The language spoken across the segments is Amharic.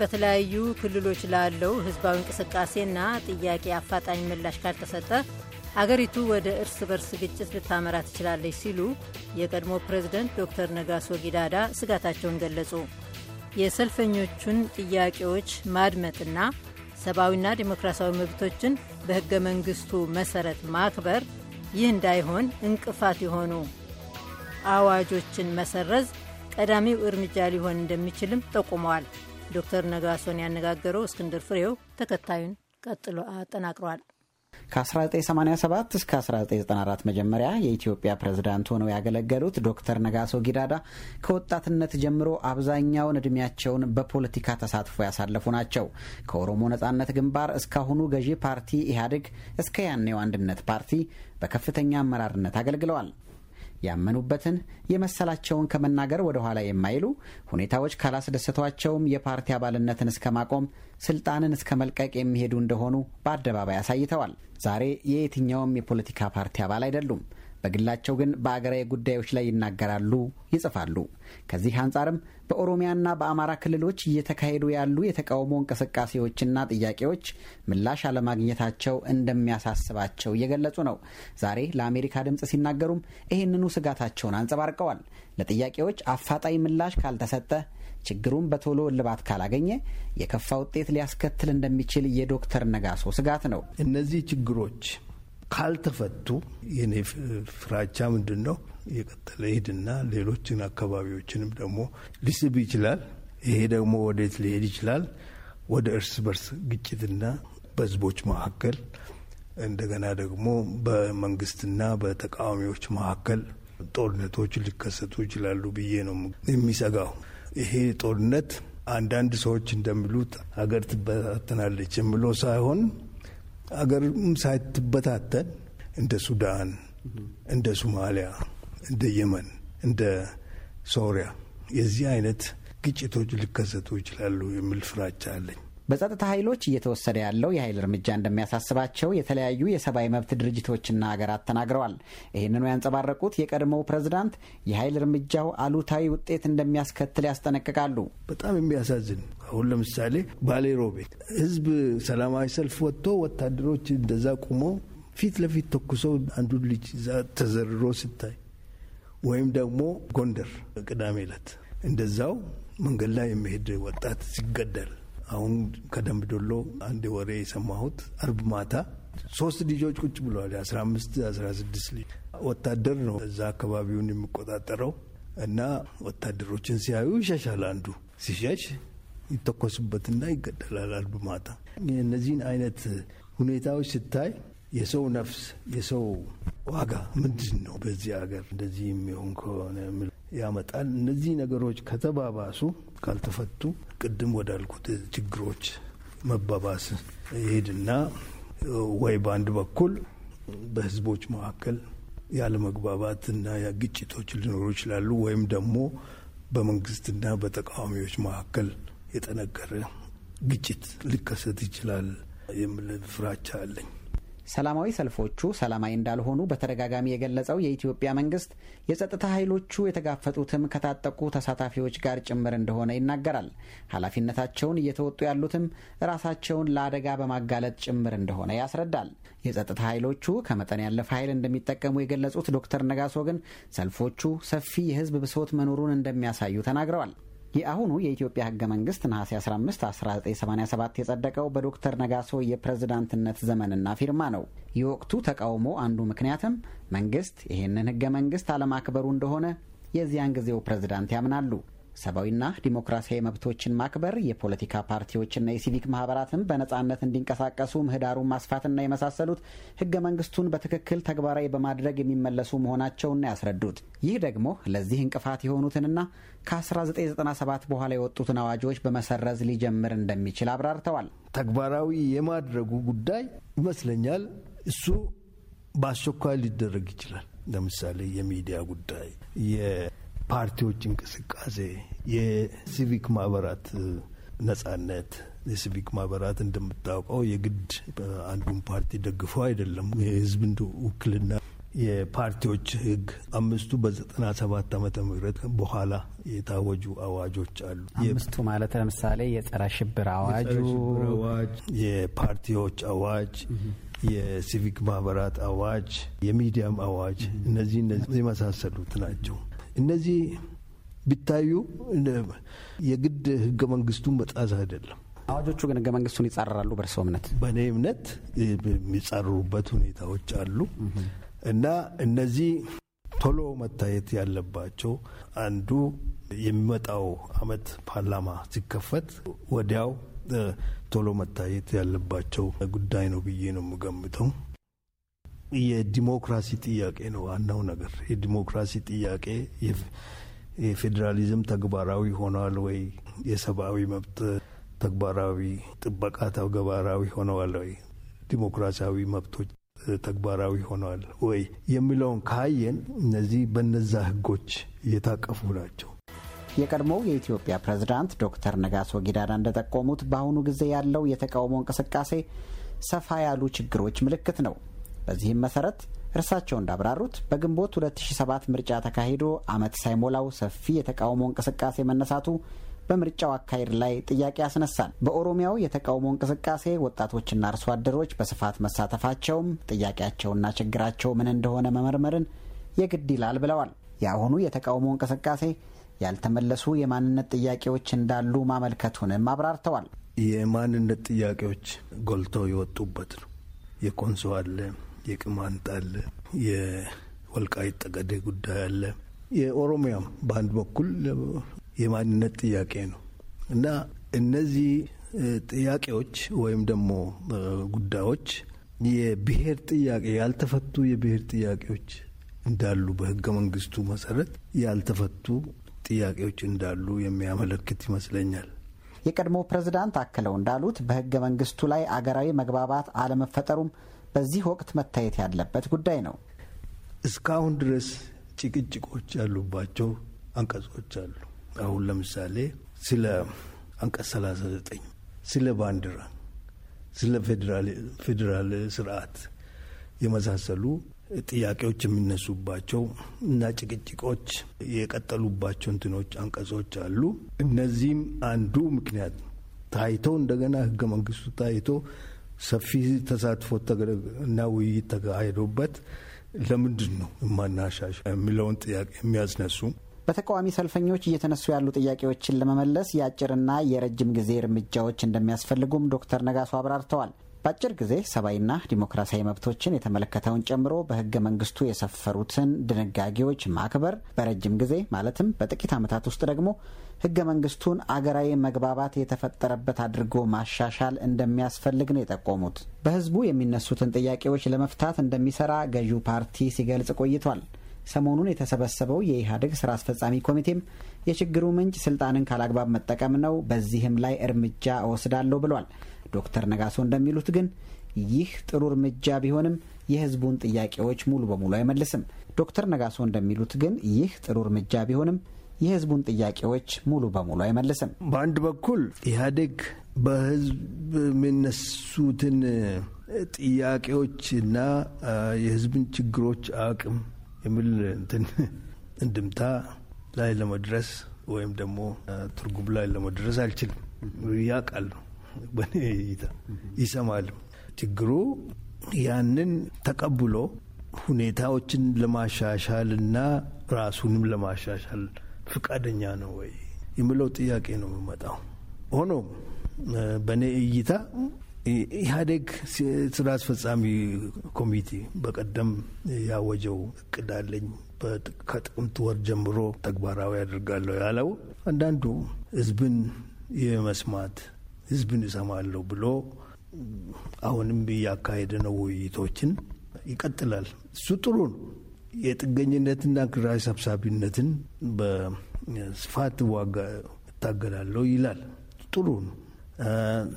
በተለያዩ ክልሎች ላለው ህዝባዊ እንቅስቃሴና ጥያቄ አፋጣኝ ምላሽ ካልተሰጠ አገሪቱ ወደ እርስ በርስ ግጭት ልታመራ ትችላለች ሲሉ የቀድሞ ፕሬዝደንት ዶክተር ነጋሶ ጊዳዳ ስጋታቸውን ገለጹ። የሰልፈኞቹን ጥያቄዎች ማድመጥና ሰብአዊና ዴሞክራሲያዊ መብቶችን በህገ መንግስቱ መሰረት ማክበር ይህ እንዳይሆን እንቅፋት የሆኑ አዋጆችን መሰረዝ ቀዳሚው እርምጃ ሊሆን እንደሚችልም ጠቁመዋል። ዶክተር ነጋሶን ያነጋገረው እስክንድር ፍሬው ተከታዩን ቀጥሎ አጠናቅሯል። ከ1987 እስከ 1994 መጀመሪያ የኢትዮጵያ ፕሬዝዳንት ሆነው ያገለገሉት ዶክተር ነጋሶ ጊዳዳ ከወጣትነት ጀምሮ አብዛኛውን እድሜያቸውን በፖለቲካ ተሳትፎ ያሳለፉ ናቸው። ከኦሮሞ ነጻነት ግንባር እስካሁኑ ገዢ ፓርቲ ኢህአዴግ እስከ ያኔው አንድነት ፓርቲ በከፍተኛ አመራርነት አገልግለዋል። ያመኑበትን የመሰላቸውን ከመናገር ወደ ኋላ የማይሉ ሁኔታዎች ካላስደሰቷቸውም የፓርቲ አባልነትን እስከ ማቆም ስልጣንን እስከ መልቀቅ የሚሄዱ እንደሆኑ በአደባባይ አሳይተዋል። ዛሬ የየትኛውም የፖለቲካ ፓርቲ አባል አይደሉም። በግላቸው ግን በአገራዊ ጉዳዮች ላይ ይናገራሉ፣ ይጽፋሉ። ከዚህ አንጻርም በኦሮሚያና በአማራ ክልሎች እየተካሄዱ ያሉ የተቃውሞ እንቅስቃሴዎችና ጥያቄዎች ምላሽ አለማግኘታቸው እንደሚያሳስባቸው እየገለጹ ነው። ዛሬ ለአሜሪካ ድምፅ ሲናገሩም ይህንኑ ስጋታቸውን አንጸባርቀዋል። ለጥያቄዎች አፋጣኝ ምላሽ ካልተሰጠ፣ ችግሩን በቶሎ እልባት ካላገኘ የከፋ ውጤት ሊያስከትል እንደሚችል የዶክተር ነጋሶ ስጋት ነው። እነዚህ ችግሮች ካልተፈቱ የኔ ፍራቻ ምንድን ነው የቀጠለ ሄድና ሌሎችን አካባቢዎችንም ደግሞ ሊስብ ይችላል። ይሄ ደግሞ ወዴት ሊሄድ ይችላል? ወደ እርስ በርስ ግጭትና በህዝቦች መካከል እንደገና ደግሞ በመንግስትና በተቃዋሚዎች መካከል ጦርነቶች ሊከሰቱ ይችላሉ ብዬ ነው የሚሰጋው። ይሄ ጦርነት አንዳንድ ሰዎች እንደሚሉት ሀገር ትበታተናለች የሚለው ሳይሆን አገርም ሳይትበታተን እንደ ሱዳን፣ እንደ ሶማሊያ፣ እንደ የመን፣ እንደ ሶሪያ የዚህ አይነት ግጭቶች ሊከሰቱ ይችላሉ የሚል ፍራቻ አለኝ። በጸጥታ ኃይሎች እየተወሰደ ያለው የኃይል እርምጃ እንደሚያሳስባቸው የተለያዩ የሰብአዊ መብት ድርጅቶችና ሀገራት ተናግረዋል። ይህንኑ ያንጸባረቁት የቀድሞው ፕሬዝዳንት የኃይል እርምጃው አሉታዊ ውጤት እንደሚያስከትል ያስጠነቅቃሉ። በጣም የሚያሳዝን አሁን ለምሳሌ ባሌሮ ቤት ህዝብ ሰላማዊ ሰልፍ ወጥቶ ወታደሮች እንደዛ ቁሞ ፊት ለፊት ተኩሰው አንዱ ልጅ ተዘርሮ ስታይ፣ ወይም ደግሞ ጎንደር ቅዳሜ ዕለት እንደዛው መንገድ ላይ የሚሄድ ወጣት ሲገደል አሁን ከደንብ ዶሎ አንድ ወሬ የሰማሁት አርብ ማታ ሶስት ልጆች ቁጭ ብለዋል። የአስራ አምስት አስራ ስድስት ልጅ ወታደር ነው እዛ አካባቢውን የሚቆጣጠረው እና ወታደሮችን ሲያዩ ይሸሻል። አንዱ ሲሸሽ ይተኮስበትና ይገደላል አርብ እነዚህን አይነት ሁኔታዎች ስታይ የሰው ነፍስ የሰው ዋጋ ምንድን ነው በዚህ ሀገር እንደዚህ የሚሆን ከሆነ ያመጣል። እነዚህ ነገሮች ከተባባሱ ካልተፈቱ፣ ቅድም ወዳልኩት ችግሮች መባባስ ይሄድና ወይ በአንድ በኩል በህዝቦች መካከል ያለመግባባትና ግጭቶች ሊኖሩ ይችላሉ ወይም ደግሞ በመንግስትና በተቃዋሚዎች መካከል የጠነከረ ግጭት ሊከሰት ይችላል የሚል ፍራቻ አለኝ። ሰላማዊ ሰልፎቹ ሰላማዊ እንዳልሆኑ በተደጋጋሚ የገለጸው የኢትዮጵያ መንግስት የጸጥታ ኃይሎቹ የተጋፈጡትም ከታጠቁ ተሳታፊዎች ጋር ጭምር እንደሆነ ይናገራል። ኃላፊነታቸውን እየተወጡ ያሉትም ራሳቸውን ለአደጋ በማጋለጥ ጭምር እንደሆነ ያስረዳል። የጸጥታ ኃይሎቹ ከመጠን ያለፈ ኃይል እንደሚጠቀሙ የገለጹት ዶክተር ነጋሶ ግን ሰልፎቹ ሰፊ የህዝብ ብሶት መኖሩን እንደሚያሳዩ ተናግረዋል። የአሁኑ የኢትዮጵያ ህገ መንግስት ነሐሴ 15 1987 የጸደቀው በዶክተር ነጋሶ የፕሬዝዳንትነት ዘመንና ፊርማ ነው። የወቅቱ ተቃውሞ አንዱ ምክንያትም መንግስት ይህንን ህገ መንግስት አለማክበሩ እንደሆነ የዚያን ጊዜው ፕሬዝዳንት ያምናሉ። ሰብአዊና ዲሞክራሲያዊ መብቶችን ማክበር፣ የፖለቲካ ፓርቲዎችና የሲቪክ ማህበራትን በነፃነት እንዲንቀሳቀሱ ምህዳሩን ማስፋትና የመሳሰሉት ህገ መንግስቱን በትክክል ተግባራዊ በማድረግ የሚመለሱ መሆናቸውን ያስረዱት ይህ ደግሞ ለዚህ እንቅፋት የሆኑትንና ከ1997 በኋላ የወጡትን አዋጆች በመሰረዝ ሊጀምር እንደሚችል አብራርተዋል። ተግባራዊ የማድረጉ ጉዳይ ይመስለኛል እሱ በአስቸኳይ ሊደረግ ይችላል። ለምሳሌ የሚዲያ ጉዳይ ፓርቲዎች እንቅስቃሴ፣ የሲቪክ ማህበራት ነጻነት የሲቪክ ማህበራት እንደምታውቀው የግድ አንዱን ፓርቲ ደግፎ አይደለም። የህዝብ ውክልና የፓርቲዎች ህግ አምስቱ በዘጠና ሰባት ዓመተ ምህረት በኋላ የታወጁ አዋጆች አሉ። አምስቱ ማለት ለምሳሌ የጸረ ሽብር አዋጁ፣ የፓርቲዎች አዋጅ የሲቪክ ማህበራት አዋጅ፣ የሚዲያም አዋጅ እነዚህ እነዚህ የመሳሰሉት ናቸው። እነዚህ ቢታዩ የግድ ህገ መንግስቱን መጣዝ አይደለም። አዋጆቹ ግን ህገ መንግስቱን ይጻረራሉ። በእርስዎ እምነት? በእኔ እምነት የሚጻረሩበት ሁኔታዎች አሉ እና እነዚህ ቶሎ መታየት ያለባቸው አንዱ የሚመጣው አመት ፓርላማ ሲከፈት ወዲያው ቶሎ መታየት ያለባቸው ጉዳይ ነው ብዬ ነው የምገምተው። የዲሞክራሲ ጥያቄ ነው ዋናው ነገር። የዲሞክራሲ ጥያቄ የፌዴራሊዝም ተግባራዊ ሆነዋል ወይ? የሰብአዊ መብት ተግባራዊ ጥበቃ ተግባራዊ ሆነዋል ወይ? ዲሞክራሲያዊ መብቶች ተግባራዊ ሆነዋል ወይ የሚለውን ካየን እነዚህ በነዛ ህጎች የታቀፉ ናቸው። የቀድሞው የኢትዮጵያ ፕሬዝዳንት ዶክተር ነጋሶ ጊዳዳ እንደጠቆሙት በአሁኑ ጊዜ ያለው የተቃውሞ እንቅስቃሴ ሰፋ ያሉ ችግሮች ምልክት ነው። በዚህም መሰረት እርሳቸው እንዳብራሩት በግንቦት 2007 ምርጫ ተካሂዶ ዓመት ሳይሞላው ሰፊ የተቃውሞ እንቅስቃሴ መነሳቱ በምርጫው አካሄድ ላይ ጥያቄ ያስነሳል። በኦሮሚያው የተቃውሞ እንቅስቃሴ ወጣቶችና አርሶ አደሮች በስፋት መሳተፋቸውም ጥያቄያቸውና ችግራቸው ምን እንደሆነ መመርመርን የግድ ይላል ብለዋል። የአሁኑ የተቃውሞ እንቅስቃሴ ያልተመለሱ የማንነት ጥያቄዎች እንዳሉ ማመልከቱንም አብራርተዋል። የማንነት ጥያቄዎች ጎልተው የወጡበት ነው። የኮንሶ አለ የቅማንት አለ፣ የወልቃይት ጠገዴ ጉዳይ አለ። የኦሮሚያም በአንድ በኩል የማንነት ጥያቄ ነው እና እነዚህ ጥያቄዎች ወይም ደግሞ ጉዳዮች የብሔር ጥያቄ ያልተፈቱ የብሔር ጥያቄዎች እንዳሉ በህገ መንግስቱ መሰረት ያልተፈቱ ጥያቄዎች እንዳሉ የሚያመለክት ይመስለኛል። የቀድሞ ፕሬዝዳንት አክለው እንዳሉት በህገ መንግስቱ ላይ አገራዊ መግባባት አለመፈጠሩም በዚህ ወቅት መታየት ያለበት ጉዳይ ነው። እስካሁን ድረስ ጭቅጭቆች ያሉባቸው አንቀጾች አሉ። አሁን ለምሳሌ ስለ አንቀጽ 39 ስለ ባንዲራ፣ ስለ ፌዴራል ስርዓት የመሳሰሉ ጥያቄዎች የሚነሱባቸው እና ጭቅጭቆች የቀጠሉባቸው እንትኖች አንቀጾች አሉ። እነዚህም አንዱ ምክንያት ታይቶ እንደገና ህገ መንግስቱ ታይቶ ሰፊ ተሳትፎ እና ውይይት ተካሂዶበት ለምንድን ነው የማናሻሽ የሚለውን ጥያቄ የሚያስነሱ በተቃዋሚ ሰልፈኞች እየተነሱ ያሉ ጥያቄዎችን ለመመለስ የአጭርና የረጅም ጊዜ እርምጃዎች እንደሚያስፈልጉም ዶክተር ነጋሶ አብራርተዋል። በአጭር ጊዜ ሰብአዊና ዲሞክራሲያዊ መብቶችን የተመለከተውን ጨምሮ በህገ መንግስቱ የሰፈሩትን ድንጋጌዎች ማክበር፣ በረጅም ጊዜ ማለትም በጥቂት ዓመታት ውስጥ ደግሞ ህገ መንግስቱን አገራዊ መግባባት የተፈጠረበት አድርጎ ማሻሻል እንደሚያስፈልግ ነው የጠቆሙት። በህዝቡ የሚነሱትን ጥያቄዎች ለመፍታት እንደሚሰራ ገዢው ፓርቲ ሲገልጽ ቆይቷል። ሰሞኑን የተሰበሰበው የኢህአዴግ ስራ አስፈጻሚ ኮሚቴም የችግሩ ምንጭ ስልጣንን ካላግባብ መጠቀም ነው፣ በዚህም ላይ እርምጃ እወስዳለሁ ብሏል። ዶክተር ነጋሶ እንደሚሉት ግን ይህ ጥሩ እርምጃ ቢሆንም የህዝቡን ጥያቄዎች ሙሉ በሙሉ አይመልስም። ዶክተር ነጋሶ እንደሚሉት ግን ይህ ጥሩ እርምጃ ቢሆንም የህዝቡን ጥያቄዎች ሙሉ በሙሉ አይመልስም። በአንድ በኩል ኢህአዴግ በህዝብ የሚነሱትን ጥያቄዎች እና የህዝብን ችግሮች አቅም የሚል እንትን እንድምታ ላይ ለመድረስ ወይም ደግሞ ትርጉም ላይ ለመድረስ አልችልም ያውቃሉ። በእኔ እይታ ይሰማልም። ችግሩ ያንን ተቀብሎ ሁኔታዎችን ለማሻሻል እና ራሱንም ለማሻሻል ፍቃደኛ ነው ወይ የሚለው ጥያቄ ነው የሚመጣው። ሆኖም በእኔ እይታ ኢህአዴግ ስራ አስፈጻሚ ኮሚቴ በቀደም ያወጀው እቅድ አለኝ ከጥቅምት ወር ጀምሮ ተግባራዊ ያደርጋለሁ ያለው አንዳንዱ ህዝብን የመስማት ህዝብን እሰማለሁ ብሎ አሁንም እያካሄደ ነው ውይይቶችን ይቀጥላል። እሱ ጥሩ ነው። የጥገኝነትና ክራይ ሰብሳቢነትን በስፋት ዋጋ እታገላለሁ ይላል። ጥሩ ነው።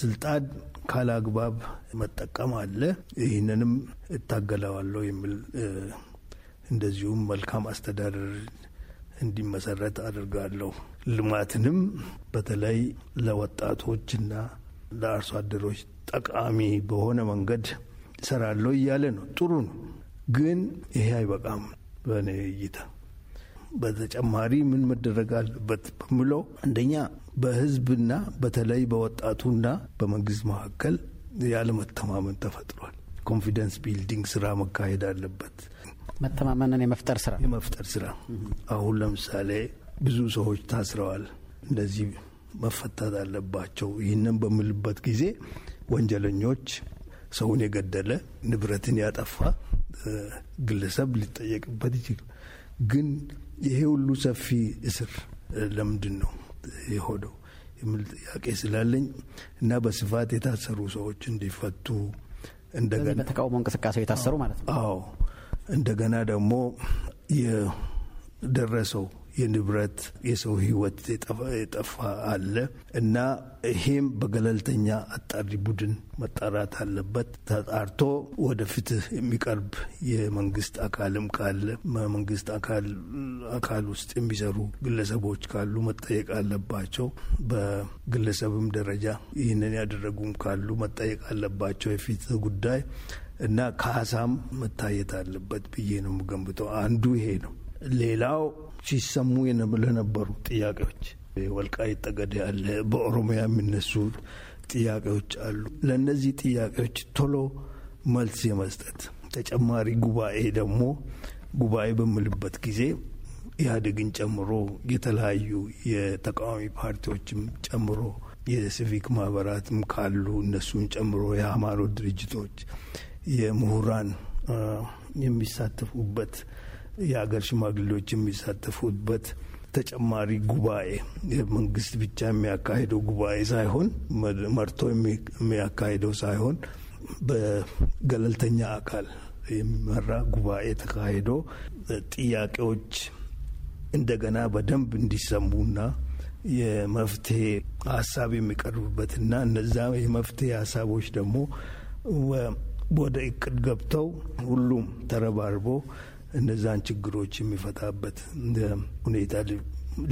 ስልጣን ካላግባብ መጠቀም አለ። ይህንንም እታገለዋለሁ የሚል እንደዚሁም መልካም አስተዳደር እንዲመሰረት አድርጋለሁ። ልማትንም በተለይ ለወጣቶችና ለአርሶ አደሮች ጠቃሚ በሆነ መንገድ እሰራለሁ እያለ ነው። ጥሩ ነው፣ ግን ይሄ አይበቃም በእኔ እይታ። በተጨማሪ ምን መደረግ አለበት በምለው አንደኛ በህዝብና በተለይ በወጣቱና በመንግስት መካከል ያለመተማመን ተፈጥሯል። ኮንፊደንስ ቢልዲንግ ስራ መካሄድ አለበት። መተማመንን የመፍጠር ስራ የመፍጠር ስራ አሁን ለምሳሌ ብዙ ሰዎች ታስረዋል። እንደዚህ መፈታት አለባቸው። ይህንን በምልበት ጊዜ ወንጀለኞች፣ ሰውን የገደለ ንብረትን ያጠፋ ግለሰብ ሊጠየቅበት ይችላል። ግን ይሄ ሁሉ ሰፊ እስር ለምንድን ነው የሆነው የሚል ጥያቄ ስላለኝ እና በስፋት የታሰሩ ሰዎች እንዲፈቱ እንደገና በተቃውሞ እንቅስቃሴ የታሰሩ ማለት ነው። አዎ እንደገና ደግሞ የደረሰው የንብረት የሰው ህይወት የጠፋ አለ እና ይሄም በገለልተኛ አጣሪ ቡድን መጣራት አለበት። ተጣርቶ ወደ ፍትህ የሚቀርብ የመንግስት አካልም ካለ በመንግስት አካል ውስጥ የሚሰሩ ግለሰቦች ካሉ መጠየቅ አለባቸው። በግለሰብም ደረጃ ይህንን ያደረጉም ካሉ መጠየቅ አለባቸው። የፍትህ ጉዳይ እና ካሳም መታየት አለበት ብዬ ነው የምገምተው። አንዱ ይሄ ነው። ሌላው ሲሰሙ ለነበሩ ጥያቄዎች ወልቃይት ጠገዴ አለ፣ በኦሮሚያ የሚነሱ ጥያቄዎች አሉ። ለእነዚህ ጥያቄዎች ቶሎ መልስ የመስጠት ተጨማሪ ጉባኤ ደግሞ ጉባኤ በምልበት ጊዜ ኢህአዴግን ጨምሮ የተለያዩ የተቃዋሚ ፓርቲዎችም ጨምሮ የሲቪክ ማህበራትም ካሉ እነሱን ጨምሮ የሃይማኖት ድርጅቶች፣ የምሁራን የሚሳተፉበት የአገር ሽማግሌዎች የሚሳተፉበት ተጨማሪ ጉባኤ መንግስት ብቻ የሚያካሄደው ጉባኤ ሳይሆን መርቶ የሚያካሄደው ሳይሆን በገለልተኛ አካል የሚመራ ጉባኤ ተካሂዶ ጥያቄዎች እንደገና በደንብ እንዲሰሙና የመፍትሄ ሀሳብ የሚቀርብበትና እነዛ የመፍትሄ ሀሳቦች ደግሞ ወደ እቅድ ገብተው ሁሉም ተረባርቦ እነዛን ችግሮች የሚፈታበት ሁኔታ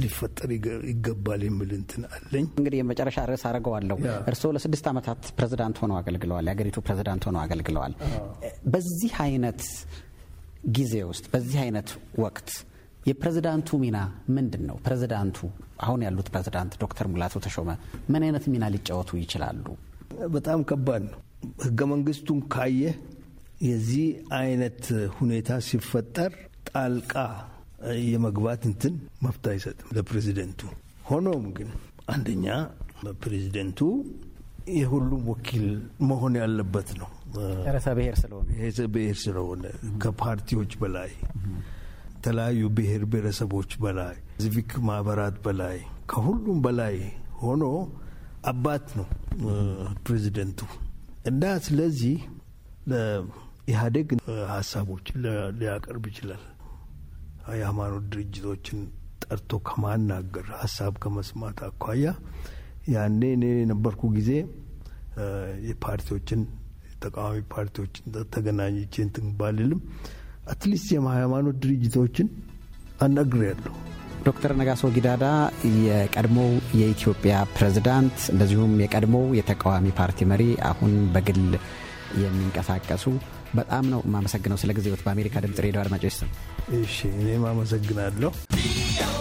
ሊፈጠር ይገባል የሚል እንትን አለኝ። እንግዲህ የመጨረሻ ርዕስ አድርገዋለሁ። እርስዎ ለስድስት ዓመታት ፕሬዚዳንት ሆነው አገልግለዋል። የአገሪቱ ፕሬዚዳንት ሆነው አገልግለዋል። በዚህ አይነት ጊዜ ውስጥ በዚህ አይነት ወቅት የፕሬዝዳንቱ ሚና ምንድን ነው? ፕሬዝዳንቱ አሁን ያሉት ፕሬዝዳንት ዶክተር ሙላቱ ተሾመ ምን አይነት ሚና ሊጫወቱ ይችላሉ? በጣም ከባድ ነው። ህገ መንግስቱን ካየህ የዚህ አይነት ሁኔታ ሲፈጠር ጣልቃ የመግባት እንትን መብት አይሰጥም ለፕሬዚደንቱ። ሆኖም ግን አንደኛ ፕሬዚደንቱ የሁሉም ወኪል መሆን ያለበት ነው። ርዕሰ ብሔር ስለሆነ ብሔር ስለሆነ ከፓርቲዎች በላይ የተለያዩ ብሔር ብሔረሰቦች በላይ ሲቪክ ማህበራት በላይ ከሁሉም በላይ ሆኖ አባት ነው ፕሬዚደንቱ እና ስለዚህ ኢህአዴግ ሀሳቦችን ሊያቀርብ ይችላል። የሃይማኖት ድርጅቶችን ጠርቶ ከማናገር ሀሳብ ከመስማት አኳያ ያኔ እኔ የነበርኩ ጊዜ የፓርቲዎችን ተቃዋሚ ፓርቲዎችን ተገናኝቼ እንትን ባልልም አትሊስት የሃይማኖት ድርጅቶችን አናግሬያለሁ። ዶክተር ነጋሶ ጊዳዳ የቀድሞው የኢትዮጵያ ፕሬዝዳንት እንደዚሁም የቀድሞው የተቃዋሚ ፓርቲ መሪ አሁን በግል የሚንቀሳቀሱ በጣም ነው የማመሰግነው ስለ ጊዜዎት በአሜሪካ ድምጽ ሬዲዮ አድማጮች ስም። እሺ እኔም አመሰግናለሁ።